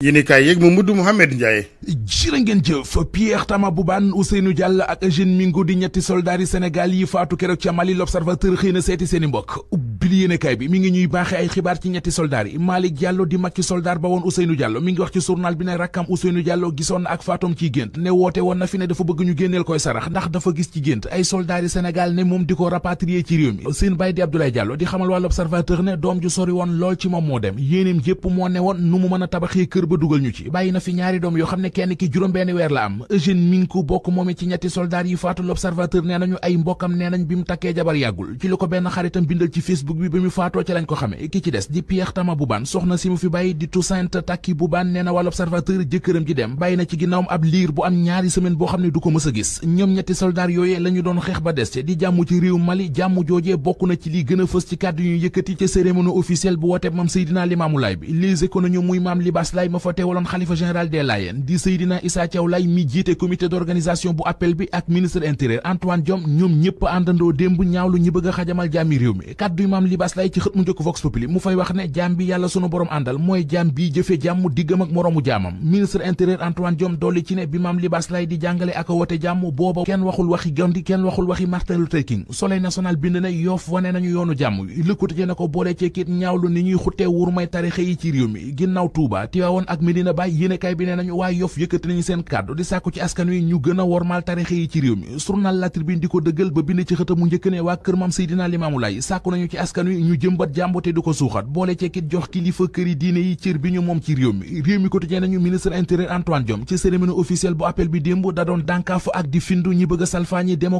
yéene kaay yeeg Mamadou Mouhamed Ndiaye jërë ngeen jëf Pierre Tama bu Boubane Ousseynou jàll ak Eugène Mingo di ñetti soldaari Sénégal yi faatu keroog ca Mali l'Observateur xëy na seeti seeni mbokk li yéenekaay bi mi ngi ñuy baaxe ay xibaar ci di mag ci soldaar ba woon Ousseynou Diallo mi ngi wax ci journal bi ne rakkam Ousseynou Diallo gisoon na ak faatom ciy gént ne woote woon moom di ko rapatrier ci réew mi seen baay di Abdoulaye Diallo di xamal wàll observateur ne doom ju sori woon lool ci moom moo dem yéeneem yépp moo ne woon nu mu mën a tabaxee kër ba dugal ñu ci bàyyi na fi ñaari doom yoo xam ne kenn ki juróom benn weer la am Eugène mi ngi ko bokk moom ci ñetti soldaar yi faatu l'observateur nee nañu ay mbokkam nee nañ bi mu takkee jabar yàggul ci li ko benn xaritam bindal ci Facebook bi bi mu faatoo ci lañ ko xame ki ci des di Pierre Tama Boubane soxna si mu fi bàyyi di Toussaint Takki Boubane nee na wàll jëkkëram ji dem bàyyi na ci ginnaawam ab liir bu am ñaari semaine boo xam ne du ko mës gis ñoom ñetti soldaar yooyee la ñu doon xeex ba des ci di jàmm ci réew Mali jàmm joojee bokk na ci li gën a fës ci kàddu yu yëkkati ca cérémonie officielle bu woote mam Seydina Limaamu Laay bi les économies muy maam Libaas Laay ma fa teewaloon xalifa général des Layènes di Seydina Issa Thiaw Laay mi jiite comité d'organisation bu appel bi ak ministre intérieur Antoine Diome ñoom ñëpp àndandoo démb ñaawlu ñi bëgg a xajamal jàmmi mi Libaas Laay ci xët mu njëkk Vox Populi mu fay wax ne jaam bi yàlla sunu borom àndal mooy jaam bi jëfe jàmm diggam ak moroomu jaamam ministre intérieur Antoine Diome dolli ci ne bi maam Libaas Laay di jàngale ak a wote jàmm booba kenn waxul waxi Gandhi kenn waxul waxi Martin Luther King Soleil national bind na yoof wane nañu yoonu jàmm lëkkute na ko boole ci kit ñaawlu ni ñuy xuttee wur may tarixa yi ci réew mi ginnaaw Touba Tiwaawoon ak Medina Baay yéenekaay bi ne a wormaal tarixa mi journal La askan wi ñu jëmbat jàmbote ko suuxat boole cekkit jox kilifa këri diine yi cër bi ñu moom ci réew mi réew mi da doon dànkaafu ak di findu ñi bëgg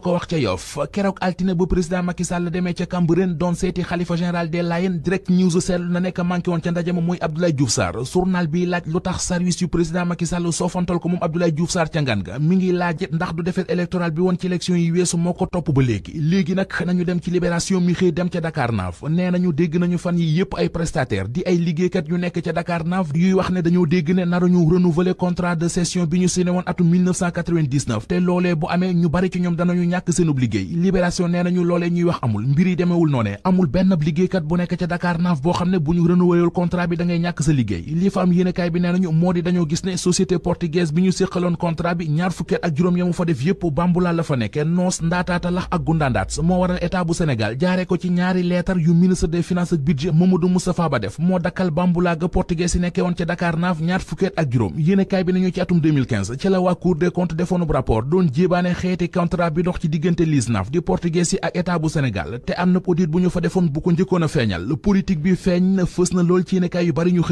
ko wax ca Yoff keroog altine ma mooy Abdoulaye Diouf Sarr journal bi laaj lu ndax du defet électoral bi woon ci élection yi weesu moo ko topp ba léegi léegi nag nañu dem dem ci libération mi xëy dem ca Dakar Naaf nee nañu dégg nañu fan yi yëpp ay prestataire di ay liggéeykat yu nekk ca Dakar Naaf yuy wax ne dañoo dégg ne naruñu renouveler contrat de cession bi ñu signé woon atum 1999 te loolee bu amee ñu bari ci ñoom danañu ñàkk seenub liggéey libération nee nañu loolee ñuy wax amul mbir yi demeewul noonee amul benn liggéeykat bu nekk ca Dakar Naaf boo xam ne bu ñu renouveler contrat bi da ñàkk sa liggéey li fa am yéenekaay bi nee nañu moo di dañoo gis ne société portugaise bi ñu séqaloon contrat bi ñaar bu Sénégal jaaree ko ci ñaari leetar yu ministre des finances ak budget Mamadou Moustapha Ba def moo dakkal bambulaa ga portugais si nekkee woon naaf ñaar fukkeet ak juróom yéenekaay bi nañu ci atum ci la waa Cour des comptes defoonub rapport doon jéebaane xeeti contrat bi dox ci diggante LISNAF di portugais si ak état bu Sénégal te am na audit bu ñu fa defoon bu ko njëkkoon a feeñal politique bi feeñ na fës na lool ci yéenekaay yu bari ñu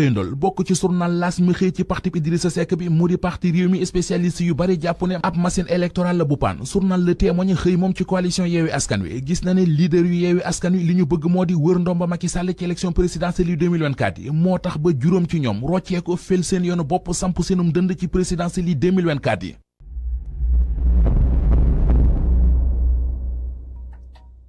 liider leader yu yeewi askan wi li ñu bëgg moo di wër ndomba Macky Sall ci élection présidentielle yu 2024 yi moo tax ba juróom ci ñoom rocceeko fel seen yoonu bopp samp seenum dënd ci présidentielle yi 2024 yi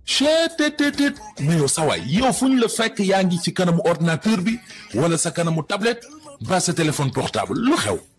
chetttt mais yow sawaay yow fu ñu la fekk yaa ngi ci kanamu ordinateur bi wala sa kanamu tablette ba sa téléphone portable lu xew